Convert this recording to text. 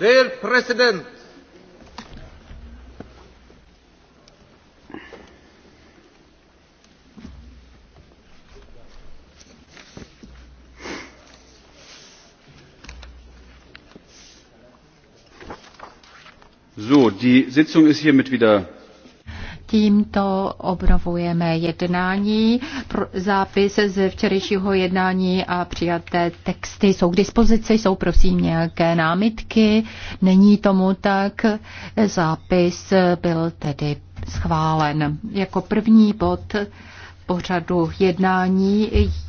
Dear President, So, die Sitzung ist hiermit wieder Tímto obnovujeme jednání. Zápis ze včerejšího jednání a přijaté texty jsou k dispozici. Jsou prosím nějaké námitky. Není tomu tak. Zápis byl tedy schválen. Jako první bod pořadu jednání je